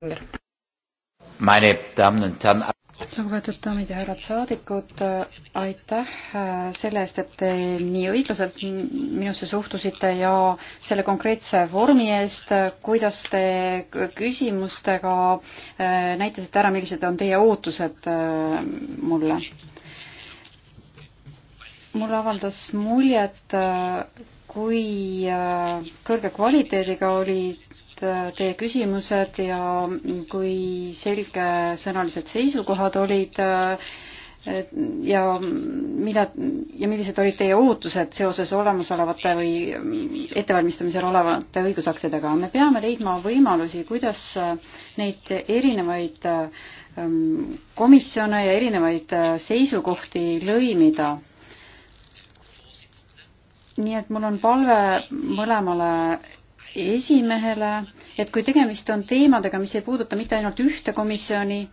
lugupeetud daamid ja härrad saadikud, aitäh äh, selle eest, et te nii õiglaselt minusse suhtusite ja selle konkreetse vormi eest, kuidas te küsimustega äh, näitasite ära, millised on teie ootused äh, mulle. mulle avaldas muljet, kui kõrge kvaliteediga olid olid äh, teie küsimused ja kui selgesõnalised seisukohad olid äh, ja mida ja millised olid teie ootused seoses olemasolevate või mm, ettevalmistamisel olevate õigusaktidega. me peame leidma võimalusi, kuidas äh, neid erinevaid mm, komisjone ja erinevaid seisukohti lõimida nii et mul on palve mõlemale esimehele, et kui tegemist on teemadega, mis ei puuduta mitte ainult ühte komisjoni,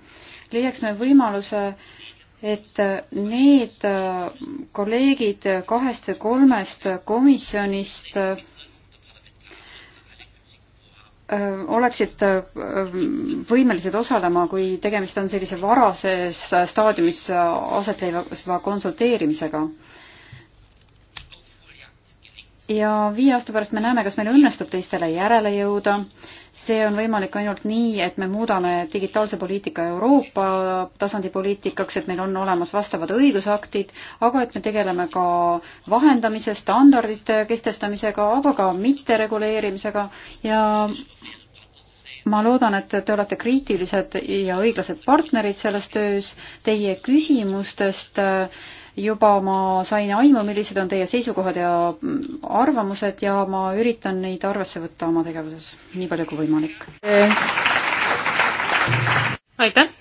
leiaks me võimaluse, et need kolleegid kahest või kolmest komisjonist äh, oleksid äh, võimelised osalema, kui tegemist on sellise varases staadiumis aset leiva konsulteerimisega ja viie aasta pärast me näeme, kas meil õnnestub teistele järele jõuda. see on võimalik ainult nii, et me muudame digitaalse poliitika Euroopa tasandi poliitikaks, et meil on olemas vastavad õigusaktid, aga et me tegeleme ka vahendamise, standardite kehtestamisega, aga ka mittereguleerimisega ja ma loodan, et te olete kriitilised ja õiglased partnerid selles töös. Teie küsimustest äh, juba ma sain aimu, millised on teie seisukohad ja arvamused ja ma üritan neid arvesse võtta oma tegevuses, nii palju kui võimalik. aitäh!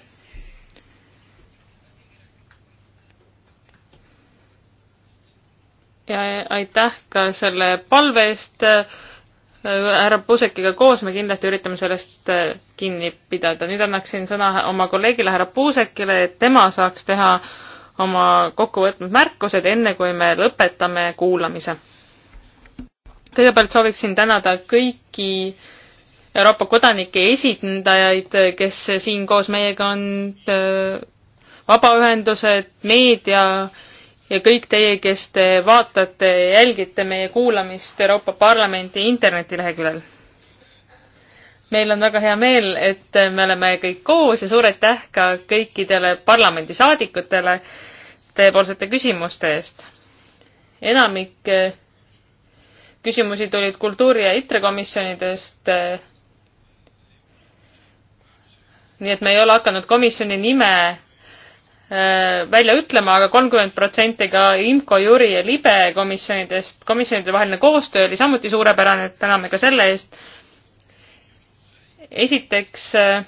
ja aitäh ka selle palve eest härra Puusekiga koos me kindlasti üritame sellest kinni pidada. nüüd annaksin sõna oma kolleegile härra Puusekile, et tema saaks teha oma kokkuvõtnud märkused, enne kui me lõpetame kuulamise. kõigepealt sooviksin tänada kõiki Euroopa kodanike esindajaid, kes siin koos meiega on, äh, vabaühendused, meedia ja kõik teie, kes te vaatate, jälgite meie kuulamist Euroopa Parlamendi internetileheküljel meil on väga hea meel, et me oleme kõik koos ja suur aitäh ka kõikidele parlamendisaadikutele teiepoolsete küsimuste eest. enamik eh, küsimusi tulid kultuuri- ja IT-komisjonidest. Eh, nii et me ei ole hakanud komisjoni nime eh, välja ütlema aga, aga kolmkümmend protsenti ka IMCO, Jüri ja Libe komisjonidest, komisjonide vaheline koostöö oli samuti suurepärane, täname ka selle eest esiteks äh,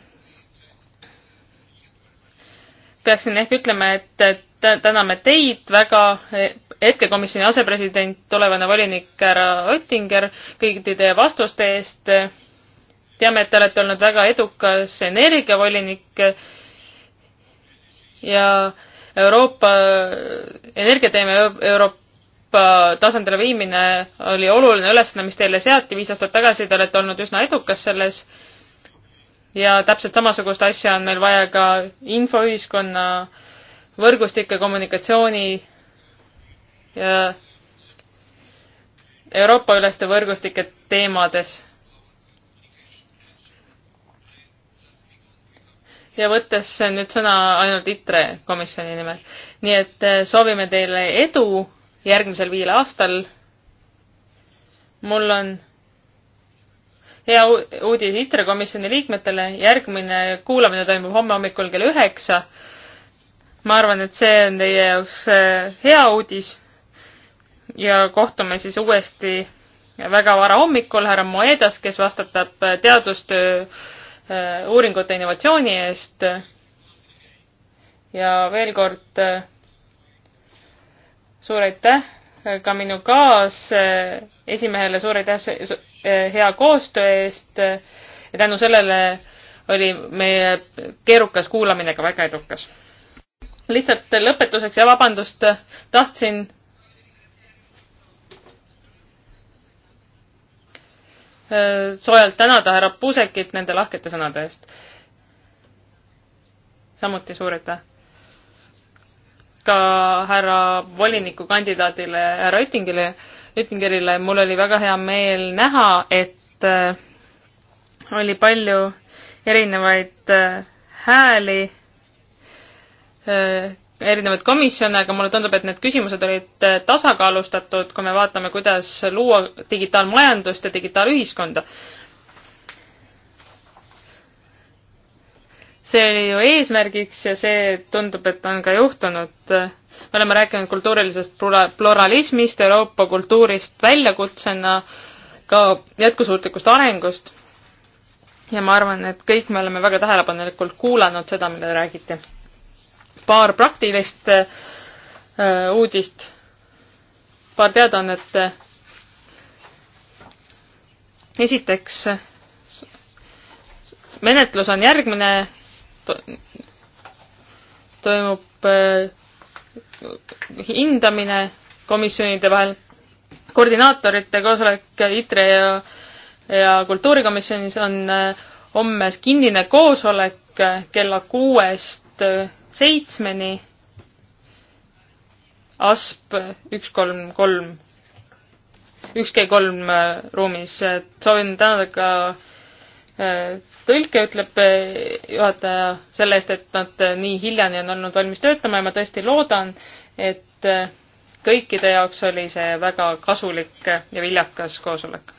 peaksin ehk ütlema, et täname teid väga, e, hetkekomisjoni asepresident, tulevane volinik härra Oettinger, kõikide teie vastuste eest. teame, et te olete olnud väga edukas energiavolinik ja Euroopa energiateema Euroopa tasandile viimine oli oluline ülesanne, mis teile seati viis aastat tagasi, te olete olnud üsna edukas selles ja täpselt samasugust asja on meil vaja ka infoühiskonna võrgustike kommunikatsiooni ja Euroopa-üleste võrgustike teemades. ja võttes nüüd sõna ainult ITRE komisjoni nimel. nii et eh, soovime teile edu järgmisel viiel aastal. mul on hea uudis ITRE komisjoni liikmetele, järgmine kuulamine toimub homme hommikul kell üheksa. ma arvan, et see on teie jaoks äh, hea uudis ja kohtume siis uuesti väga vara hommikul härra Moedas, kes vastutab äh, teadustöö äh, uuringute innovatsiooni eest. ja veel kord suur aitäh ka minu kaasesimehele eh, suure tähtsa, eh, hea koostöö eest eh, ja tänu sellele oli meie keerukas kuulamine ka väga edukas. lihtsalt lõpetuseks ja vabandust, tahtsin soojalt tänada härra Pusekit nende lahkete sõnade eest. samuti suur aitäh! ka härra volinikukandidaadile härra Oettingile, Oettingerile, mul oli väga hea meel näha, et äh, oli palju erinevaid äh, hääli äh,, erinevaid komisjone, aga mulle tundub, et need küsimused olid äh, tasakaalustatud, kui me vaatame, kuidas luua digitaalmajandust ja digitaalühiskonda see oli ju eesmärgiks ja see tundub, et on ka juhtunud. me oleme rääkinud kultuurilisest pluralismist, Euroopa kultuurist väljakutsena, ka jätkusuutlikust arengust. ja ma arvan, et kõik me oleme väga tähelepanelikult kuulanud seda, mida räägiti. paar praktilist äh, uudist, paar teadaannet. esiteks menetlus on järgmine, to toimub äh, hindamine komisjonide vahel, koordinaatorite koosolek ITRE ja, ja kultuurikomisjonis on äh, homme kinnine koosolek äh, kella kuuest seitsmeni, ASP üks kolm kolm, üks G kolm ruumis, et soovin tänada ka tõlke, ütleb eh, juhataja, selle eest, et nad eh, nii hiljani on olnud valmis töötama ja ma tõesti loodan, et eh, kõikide jaoks oli see väga kasulik ja viljakas koosolek.